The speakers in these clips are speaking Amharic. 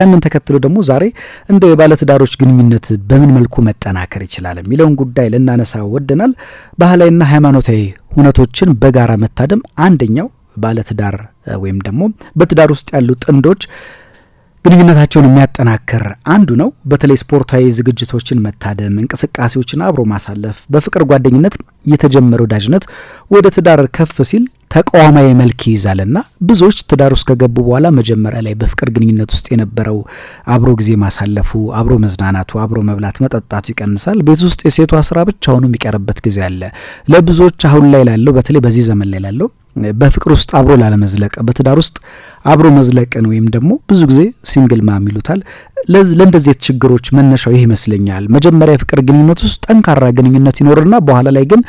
ያንን ተከትሎ ደግሞ ዛሬ እንደው የባለትዳሮች ግንኙነት በምን መልኩ መጠናከር ይችላል የሚለውን ጉዳይ ልናነሳ ወደናል። ባህላዊና ሃይማኖታዊ ሁነቶችን በጋራ መታደም አንደኛው ባለትዳር ወይም ደግሞ በትዳር ውስጥ ያሉ ጥንዶች ግንኙነታቸውን የሚያጠናክር አንዱ ነው። በተለይ ስፖርታዊ ዝግጅቶችን መታደም፣ እንቅስቃሴዎችን አብሮ ማሳለፍ፣ በፍቅር ጓደኝነት የተጀመረ ወዳጅነት ወደ ትዳር ከፍ ሲል ተቃዋማዊ መልክ ይይዛልና ብዙዎች ትዳር ውስጥ ከገቡ በኋላ መጀመሪያ ላይ በፍቅር ግንኙነት ውስጥ የነበረው አብሮ ጊዜ ማሳለፉ፣ አብሮ መዝናናቱ፣ አብሮ መብላት መጠጣቱ ይቀንሳል። ቤት ውስጥ የሴቷ ስራ ብቻ ሆኖ የሚቀርበት ጊዜ አለ። ለብዙዎች አሁን ላይ ላለው በተለይ በዚህ ዘመን ላይ ላለው በፍቅር ውስጥ አብሮ ላለመዝለቅ በትዳር ውስጥ አብሮ መዝለቅን ወይም ደግሞ ብዙ ጊዜ ሲንግል ማም ይሉታል። ለእንደዚህ ችግሮች መነሻው ይህ ይመስለኛል። መጀመሪያ የፍቅር ግንኙነት ውስጥ ጠንካራ ግንኙነት ይኖርና በኋላ ላይ ግን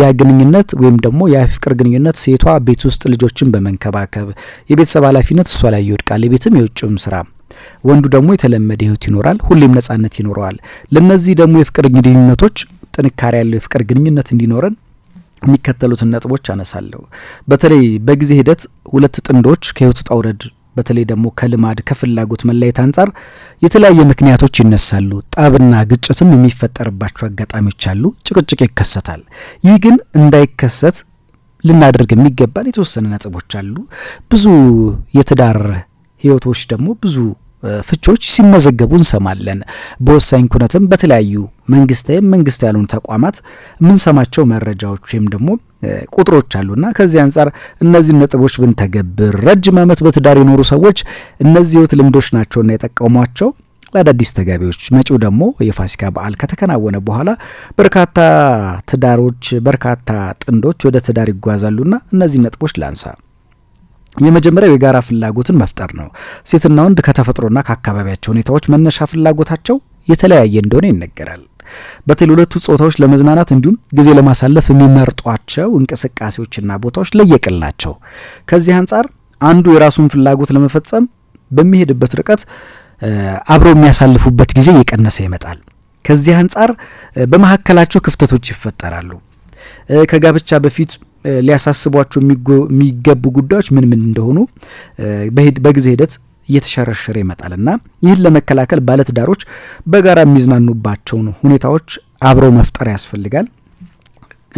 ያ ግንኙነት ወይም ደግሞ ያ ፍቅር ግንኙነት ሴቷ ቤት ውስጥ ልጆችን በመንከባከብ የቤተሰብ ኃላፊነት እሷ ላይ ይወድቃል። የቤትም የውጭም ስራ ወንዱ ደግሞ የተለመደ ህይወት ይኖራል። ሁሌም ነጻነት ይኖረዋል። ለእነዚህ ደግሞ የፍቅር ግንኙነቶች ጥንካሬ ያለው የፍቅር ግንኙነት እንዲኖረን የሚከተሉትን ነጥቦች አነሳለሁ። በተለይ በጊዜ ሂደት ሁለት ጥንዶች ከህይወት ውጣ ውረድ በተለይ ደግሞ ከልማድ ከፍላጎት መለየት አንጻር የተለያየ ምክንያቶች ይነሳሉ። ጠብና ግጭትም የሚፈጠርባቸው አጋጣሚዎች አሉ። ጭቅጭቅ ይከሰታል። ይህ ግን እንዳይከሰት ልናደርግ የሚገባን የተወሰነ ነጥቦች አሉ። ብዙ የትዳር ህይወቶች ደግሞ ብዙ ፍቾች ሲመዘገቡ እንሰማለን። በወሳኝ ኩነትም በተለያዩ መንግስታዊም መንግስት ያልሆኑ ተቋማት የምንሰማቸው መረጃዎች ወይም ደግሞ ቁጥሮች አሉና ከዚህ አንጻር እነዚህን ነጥቦች ብንተገብር ረጅም ዓመት በትዳር የኖሩ ሰዎች እነዚህ ህይወት ልምዶች ናቸውና የጠቀሟቸው ለአዳዲስ ተጋቢዎች መጪው ደግሞ የፋሲካ በዓል ከተከናወነ በኋላ በርካታ ትዳሮች በርካታ ጥንዶች ወደ ትዳር ይጓዛሉና እነዚህ ነጥቦች ላንሳ። የመጀመሪያው የጋራ ፍላጎትን መፍጠር ነው። ሴትና ወንድ ከተፈጥሮና ከአካባቢያቸው ሁኔታዎች መነሻ ፍላጎታቸው የተለያየ እንደሆነ ይነገራል። በተለይ ሁለቱ ጾታዎች ለመዝናናት እንዲሁም ጊዜ ለማሳለፍ የሚመርጧቸው እንቅስቃሴዎችና ቦታዎች ለየቅል ናቸው። ከዚህ አንጻር አንዱ የራሱን ፍላጎት ለመፈጸም በሚሄድበት ርቀት አብረው የሚያሳልፉበት ጊዜ እየቀነሰ ይመጣል። ከዚህ አንጻር በመካከላቸው ክፍተቶች ይፈጠራሉ። ከጋብቻ በፊት ሊያሳስቧቸው የሚገቡ ጉዳዮች ምን ምን እንደሆኑ በጊዜ ሂደት እየተሸረሸረ ይመጣል እና ይህን ለመከላከል ባለትዳሮች በጋራ የሚዝናኑባቸውን ሁኔታዎች አብረው መፍጠር ያስፈልጋል።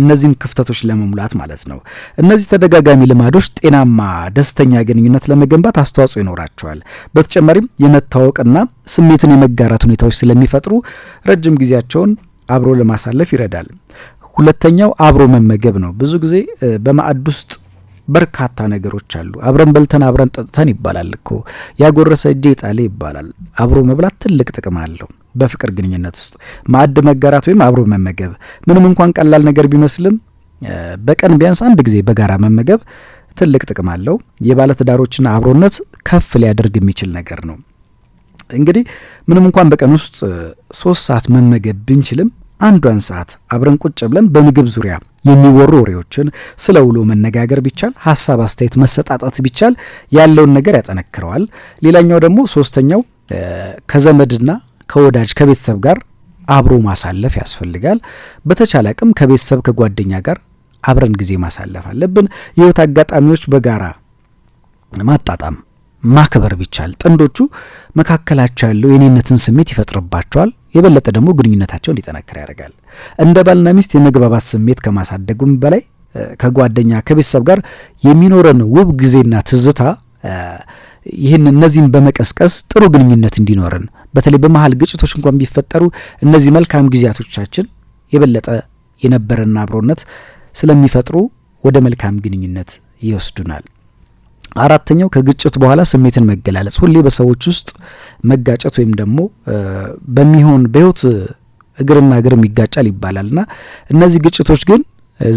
እነዚህን ክፍተቶች ለመሙላት ማለት ነው። እነዚህ ተደጋጋሚ ልማዶች ጤናማ፣ ደስተኛ ግንኙነት ለመገንባት አስተዋጽኦ ይኖራቸዋል። በተጨማሪም የመታወቅና ስሜትን የመጋራት ሁኔታዎች ስለሚፈጥሩ ረጅም ጊዜያቸውን አብሮ ለማሳለፍ ይረዳል። ሁለተኛው አብሮ መመገብ ነው። ብዙ ጊዜ በማዕድ ውስጥ በርካታ ነገሮች አሉ። አብረን በልተን አብረን ጠጥተን ይባላል እኮ ያጎረሰ እጄ ጣሌ ይባላል። አብሮ መብላት ትልቅ ጥቅም አለው። በፍቅር ግንኙነት ውስጥ ማዕድ መጋራት ወይም አብሮ መመገብ ምንም እንኳን ቀላል ነገር ቢመስልም በቀን ቢያንስ አንድ ጊዜ በጋራ መመገብ ትልቅ ጥቅም አለው። የባለትዳሮችን አብሮነት ከፍ ሊያደርግ የሚችል ነገር ነው። እንግዲህ ምንም እንኳን በቀን ውስጥ ሶስት ሰዓት መመገብ ብንችልም አንዷን ሰዓት አብረን ቁጭ ብለን በምግብ ዙሪያ የሚወሩ ወሬዎችን ስለ ውሎ መነጋገር ቢቻል፣ ሀሳብ አስተያየት መሰጣጣት ቢቻል ያለውን ነገር ያጠነክረዋል። ሌላኛው ደግሞ ሶስተኛው ከዘመድና ከወዳጅ ከቤተሰብ ጋር አብሮ ማሳለፍ ያስፈልጋል። በተቻለ አቅም ከቤተሰብ ከጓደኛ ጋር አብረን ጊዜ ማሳለፍ አለብን። የህይወት አጋጣሚዎች በጋራ ማጣጣም ማክበር ቢቻል ጥንዶቹ መካከላቸው ያለው የኔነትን ስሜት ይፈጥርባቸዋል። የበለጠ ደግሞ ግንኙነታቸው እንዲጠናከር ያደርጋል። እንደ ባልና ሚስት የመግባባት ስሜት ከማሳደጉም በላይ ከጓደኛ ከቤተሰብ ጋር የሚኖረን ውብ ጊዜና ትዝታ ይህን እነዚህን በመቀስቀስ ጥሩ ግንኙነት እንዲኖረን በተለይ በመሀል ግጭቶች እንኳን ቢፈጠሩ እነዚህ መልካም ጊዜያቶቻችን የበለጠ የነበረና አብሮነት ስለሚፈጥሩ ወደ መልካም ግንኙነት ይወስዱናል። አራተኛው ከግጭት በኋላ ስሜትን መገላለጽ። ሁሌ በሰዎች ውስጥ መጋጨት ወይም ደግሞ በሚሆን በህይወት እግርና እግርም ይጋጫል ይባላልና እነዚህ ግጭቶች ግን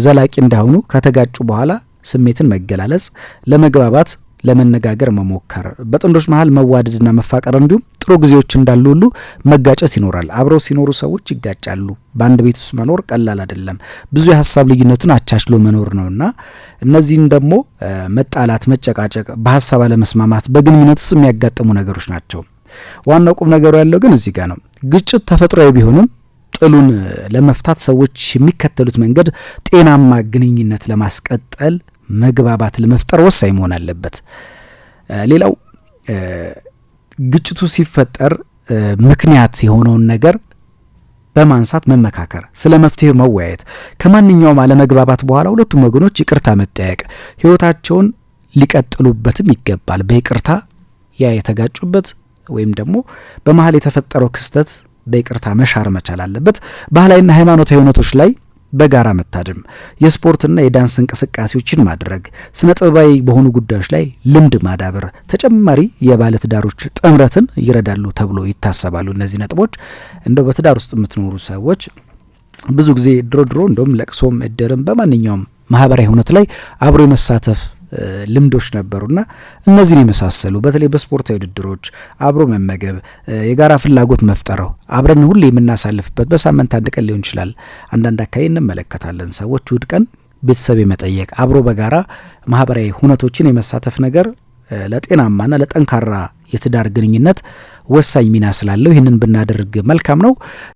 ዘላቂ እንዳይሆኑ ከተጋጩ በኋላ ስሜትን መገላለጽ ለመግባባት ለመነጋገር መሞከር፣ በጥንዶች መሀል መዋደድና መፋቀር እንዲሁም ጥሩ ጊዜዎች እንዳሉ ሁሉ መጋጨት ይኖራል። አብረው ሲኖሩ ሰዎች ይጋጫሉ። በአንድ ቤት ውስጥ መኖር ቀላል አይደለም። ብዙ የሀሳብ ልዩነትን አቻችሎ መኖር ነውና እነዚህን ደግሞ መጣላት፣ መጨቃጨቅ፣ በሀሳብ አለመስማማት በግንኙነት ውስጥ የሚያጋጥሙ ነገሮች ናቸው። ዋናው ቁም ነገሩ ያለው ግን እዚህ ጋር ነው። ግጭት ተፈጥሯዊ ቢሆንም ጥሉን ለመፍታት ሰዎች የሚከተሉት መንገድ ጤናማ ግንኙነት ለማስቀጠል መግባባት ለመፍጠር ወሳኝ መሆን አለበት። ሌላው ግጭቱ ሲፈጠር ምክንያት የሆነውን ነገር በማንሳት መመካከር፣ ስለ መፍትሄ መወያየት፣ ከማንኛውም አለመግባባት በኋላ ሁለቱም ወገኖች ይቅርታ መጠያየቅ፣ ህይወታቸውን ሊቀጥሉበትም ይገባል። በይቅርታ ያ የተጋጩበት ወይም ደግሞ በመሀል የተፈጠረው ክስተት በይቅርታ መሻር መቻል አለበት። ባህላዊና ሃይማኖታዊ እውነቶች ላይ በጋራ መታደም፣ የስፖርትና የዳንስ እንቅስቃሴዎችን ማድረግ፣ ስነ ጥበባዊ በሆኑ ጉዳዮች ላይ ልምድ ማዳበር ተጨማሪ የባለትዳሮች ጥምረትን ይረዳሉ ተብሎ ይታሰባሉ። እነዚህ ነጥቦች እንደው በትዳር ውስጥ የምትኖሩ ሰዎች ብዙ ጊዜ ድሮ ድሮ እንደውም ለቅሶም እድርም በማንኛውም ማህበራዊ ሁነት ላይ አብሮ የመሳተፍ ልምዶች ነበሩና እነዚህን የመሳሰሉ በተለይ በስፖርታዊ ውድድሮች አብሮ መመገብ፣ የጋራ ፍላጎት መፍጠረው አብረን ሁሌ የምናሳልፍበት በሳምንት አንድ ቀን ሊሆን ይችላል። አንዳንድ አካባቢ እንመለከታለን ሰዎች እሁድ ቀን ቤተሰብ የመጠየቅ አብሮ በጋራ ማህበራዊ ሁነቶችን የመሳተፍ ነገር ለጤናማና ለጠንካራ የትዳር ግንኙነት ወሳኝ ሚና ስላለው ይህንን ብናደርግ መልካም ነው።